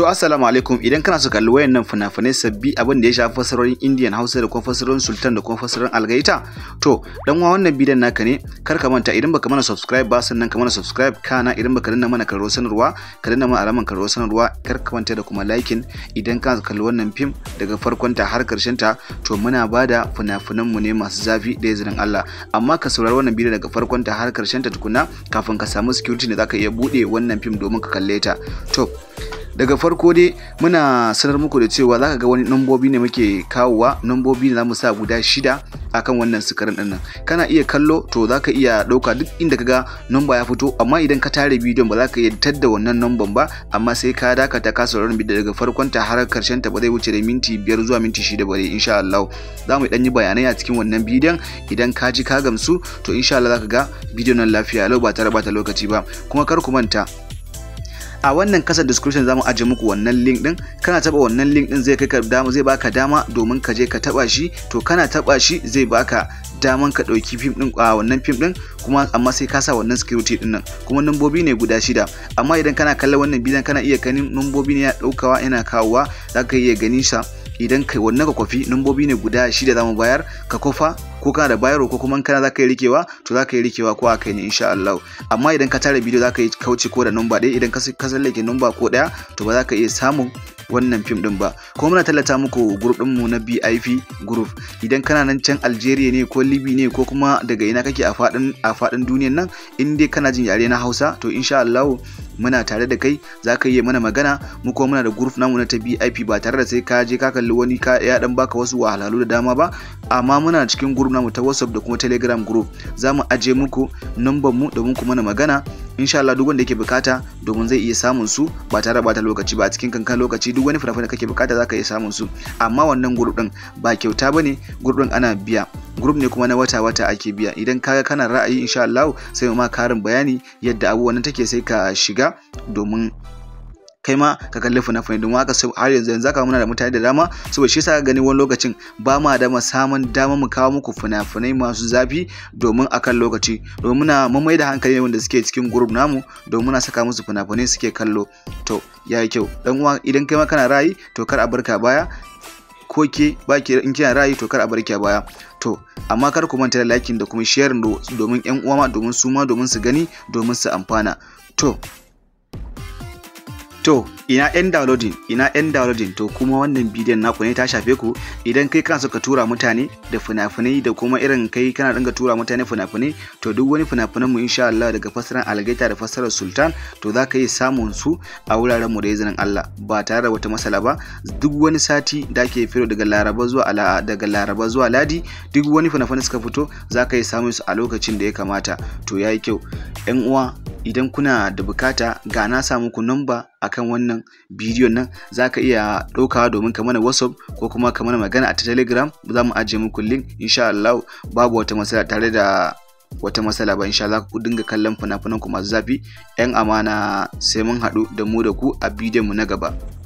To assalamu alaikum idan kana so kalli wayannan fina-finai sabbi abin da ya shafi fasarorin Indian Hausa da kuma fasarorin Sultan da kuma fasarorin Algaita to dan uwa wannan bidiyon naka ne kar ka manta idan baka mana subscribe ba sannan ka mana subscribe kana idan baka danna mana karo sanarwa ka danna mana alamar karo sanarwa kar ka manta da kuma liking idan kana so kalli wannan fim daga farkon ta har karshen ta to muna bada fina-finan mu ne masu zafi da izinin Allah amma ka saurari wannan bidiyon daga farkon ta har karshen ta tukunna kafin ka samu security ne zaka iya bude wannan fim domin ka kalle ta to daga farko dai muna sanar muku da cewa zaka ga wani nambobi ne muke kawowa nambobi ne zamu sa guda shida akan wannan sukarin din nan kana iya kallo to zaka iya ɗauka duk inda ka ga nomba ya fito amma idan ka tare bidiyon ba zaka iya tadda wannan namban ba amma sai ka dakata ka sauraron bidiyon daga farkon ta har karshen ta ba zai wuce da minti biyar zuwa minti shida ba dai insha Allah za mu dan yi bayanai a cikin wannan bidiyon idan ka ji ka gamsu to insha Allah ka ga bidiyon nan lafiya lau ba tare ba ta lokaci ba kuma kar ku manta a wannan kasar description zamu aje muku wannan link din kana taba wannan link din zai kai ka dama zai baka dama domin ka je ka taba shi to kana taba shi zai baka daman ka dauki film din a wannan film din kuma amma sai ka sa wannan security din nan kuma numbobi ne guda shida amma idan kana kallon wannan bidiyon kana iya ganin numbobi ne ya daukawa yana kawowa zaka iya ganin sa idan kai wannan ka kwafi numbobi ne guda shida zamu bayar ka kofa ko kana da bayro ko kuma kana zaka yi rikewa to zaka yi rikewa ko akai ne insha Allah amma idan ka tare bidiyo ka yi kauce ko da numba ɗaya idan ka sallake numba ko ɗaya to ba ka iya samun wannan fim din ba ko muna tallata muku group ɗin mu na BIP group idan kana nan can Algeria ne ko Libya ne ko kuma daga ina kake a fadin a fadin duniyar nan in dai kana jin yare na Hausa to insha Allah muna tare da kai za ka yi mana magana mu kuma muna da group namu na ta VIP ba tare da sai ka je ka kalli wani ka ya dan baka wasu wahalhalu da dama ba amma muna cikin group namu ta WhatsApp da kuma Telegram group za mu aje muku number mu domin ku mana magana insha Allah duk wanda yake bukata domin zai iya samun su ba tare da bata lokaci ba a cikin kankan lokaci duk wani fina-finai kake bukata zaka iya samun su amma wannan group din ba kyauta bane group din ana biya group ne kuma na wata-wata ake biya idan kaga kana ra'ayi insha Allah sai mu ma karin bayani yadda abubuwan take sai ka shiga domin kai ma ka kalli fina-finai domin haka har yanzu yanzu haka muna da mutane da dama saboda shi yasa gani wani lokacin ba ma da samun dama mu kawo muku fina-finai masu zafi domin akan lokaci domin muna mamai da hankali ne wanda suke cikin group namu domin muna saka musu fina-finai suke kallo to ya yi kyau dan uwa idan kai ma kana ra'ayi to kar a barka baya ko ke ba ki in kina ra'ayi to kar a barka a baya to amma kar ku manta da liking da kuma sharing domin yan uwa ma domin su ma domin su gani domin su amfana to To ina yan downloading ina yan downloading to kuma wannan bidiyon naku ne ta shafe ku idan kai kana so tura mutane da fina-finai da kuma irin kai kana dinga tura mutane fina-finai to duk wani fina-finan mu insha Allah daga fasaran algaita da fassarar sultan to za ka yi samun su a wuraren mu da izinin Allah ba tare da wata masala ba duk wani sati da ake fito daga Laraba zuwa daga Laraba zuwa Ladi duk wani fina-finai suka fito za ka yi samun su a lokacin da ya kamata to yayi kyau yan uwa idan kuna da bukata ga na sa muku a akan wannan bidiyon nan za ka iya ɗaukawa domin ka mana whatsapp ko kuma ka mana magana a telegram za mu ajiye muku link insha Allah babu wata matsala tare da wata matsala ba insha Allah ku dinga kallon fina-finan ku masu zafi yan amana sai mun haɗu da mu da ku a bidiyon mu na gaba